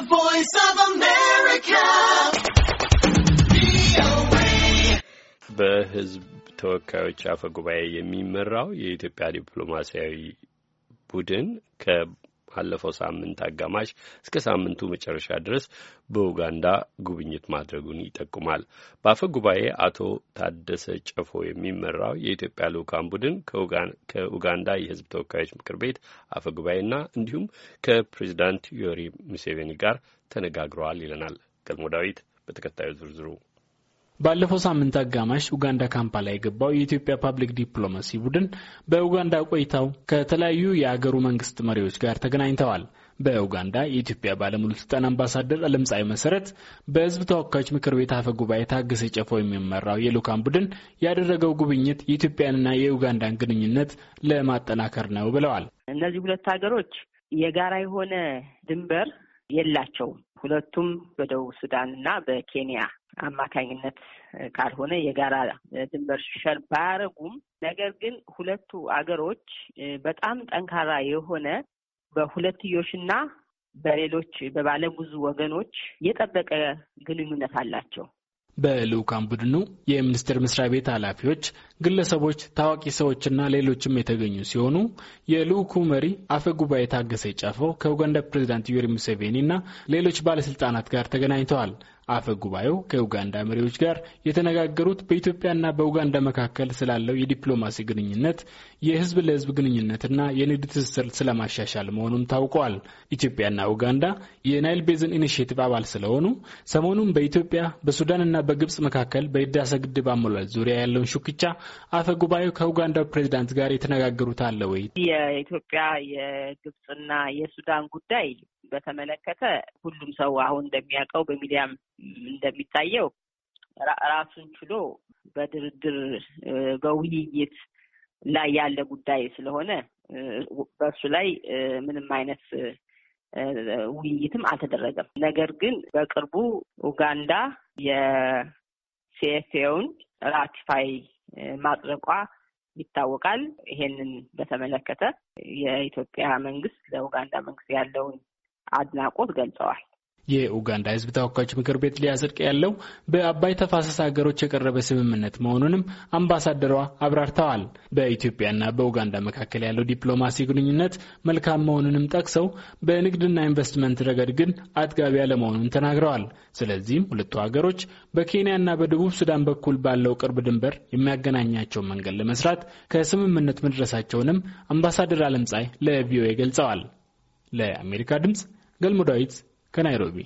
The Voice of America. በህዝብ ተወካዮች አፈ ጉባኤ የሚመራው የኢትዮጵያ ዲፕሎማሲያዊ ቡድን ካለፈው ሳምንት አጋማሽ እስከ ሳምንቱ መጨረሻ ድረስ በኡጋንዳ ጉብኝት ማድረጉን ይጠቁማል። በአፈ ጉባኤ አቶ ታደሰ ጨፎ የሚመራው የኢትዮጵያ ልዑካን ቡድን ከኡጋንዳ የሕዝብ ተወካዮች ምክር ቤት አፈ ጉባኤና እንዲሁም ከፕሬዚዳንት ዮሪ ሙሴቬኒ ጋር ተነጋግረዋል ይለናል ገልሞ ዳዊት በተከታዩ ዝርዝሩ ባለፈው ሳምንት አጋማሽ ኡጋንዳ ካምፓላ የገባው የኢትዮጵያ ፓብሊክ ዲፕሎማሲ ቡድን በኡጋንዳ ቆይታው ከተለያዩ የአገሩ መንግስት መሪዎች ጋር ተገናኝተዋል። በኡጋንዳ የኢትዮጵያ ባለሙሉ ስልጣን አምባሳደር አለምፀሐይ መሰረት በህዝብ ተወካዮች ምክር ቤት አፈ ጉባኤ ታገሰ ጨፎ የሚመራው የልኡካን ቡድን ያደረገው ጉብኝት የኢትዮጵያንና የኡጋንዳን ግንኙነት ለማጠናከር ነው ብለዋል። እነዚህ ሁለት ሀገሮች የጋራ የሆነ ድንበር የላቸውም። ሁለቱም በደቡብ ሱዳን እና በኬንያ አማካኝነት ካልሆነ የጋራ ድንበር ሸር ባያረጉም፣ ነገር ግን ሁለቱ አገሮች በጣም ጠንካራ የሆነ በሁለትዮሽና በሌሎች በባለብዙ ወገኖች የጠበቀ ግንኙነት አላቸው። በልዑካን ቡድኑ የሚኒስቴር መስሪያ ቤት ኃላፊዎች ግለሰቦች፣ ታዋቂ ሰዎችና ሌሎችም የተገኙ ሲሆኑ የልዑኩ መሪ አፈ ጉባኤ ታገሰ ጫፈው ከኡጋንዳ ፕሬዚዳንት ዩዌሪ ሙሴቬኒና ሌሎች ባለስልጣናት ጋር ተገናኝተዋል። አፈ ጉባኤው ከኡጋንዳ መሪዎች ጋር የተነጋገሩት በኢትዮጵያና በኡጋንዳ መካከል ስላለው የዲፕሎማሲ ግንኙነት፣ የህዝብ ለህዝብ ግንኙነትና የንግድ ትስስር ስለማሻሻል መሆኑን ታውቋል። ኢትዮጵያና ኡጋንዳ የናይል ቤዝን ኢኒሽቲቭ አባል ስለሆኑ ሰሞኑን በኢትዮጵያ በሱዳንና በግብጽ መካከል በህዳሴ ግድብ አሞላል ዙሪያ ያለውን ሹክቻ አፈ ጉባኤው ከኡጋንዳው ፕሬዚዳንት ጋር የተነጋገሩት አለ ወይ? የኢትዮጵያ የግብፅና የሱዳን ጉዳይ በተመለከተ ሁሉም ሰው አሁን እንደሚያውቀው በሚዲያም እንደሚታየው ራሱን ችሎ በድርድር በውይይት ላይ ያለ ጉዳይ ስለሆነ በእሱ ላይ ምንም አይነት ውይይትም አልተደረገም። ነገር ግን በቅርቡ ኡጋንዳ ሲኤፍኤውን ራቲፋይ ማጽደቋ ይታወቃል። ይሄንን በተመለከተ የኢትዮጵያ መንግስት ለኡጋንዳ መንግስት ያለውን አድናቆት ገልጸዋል። የኡጋንዳ ሕዝብ ተወካዮች ምክር ቤት ሊያጸድቅ ያለው በአባይ ተፋሰስ ሀገሮች የቀረበ ስምምነት መሆኑንም አምባሳደሯ አብራርተዋል። በኢትዮጵያና በኡጋንዳ መካከል ያለው ዲፕሎማሲ ግንኙነት መልካም መሆኑንም ጠቅሰው በንግድና ኢንቨስትመንት ረገድ ግን አጥጋቢ ያለመሆኑን ተናግረዋል። ስለዚህም ሁለቱ ሀገሮች በኬንያና በደቡብ ሱዳን በኩል ባለው ቅርብ ድንበር የሚያገናኛቸውን መንገድ ለመስራት ከስምምነት መድረሳቸውንም አምባሳደር አለምጻይ ለቪኦኤ ገልጸዋል። ለአሜሪካ ድምፅ ገልሞ ዳዊት ከናይሮቢ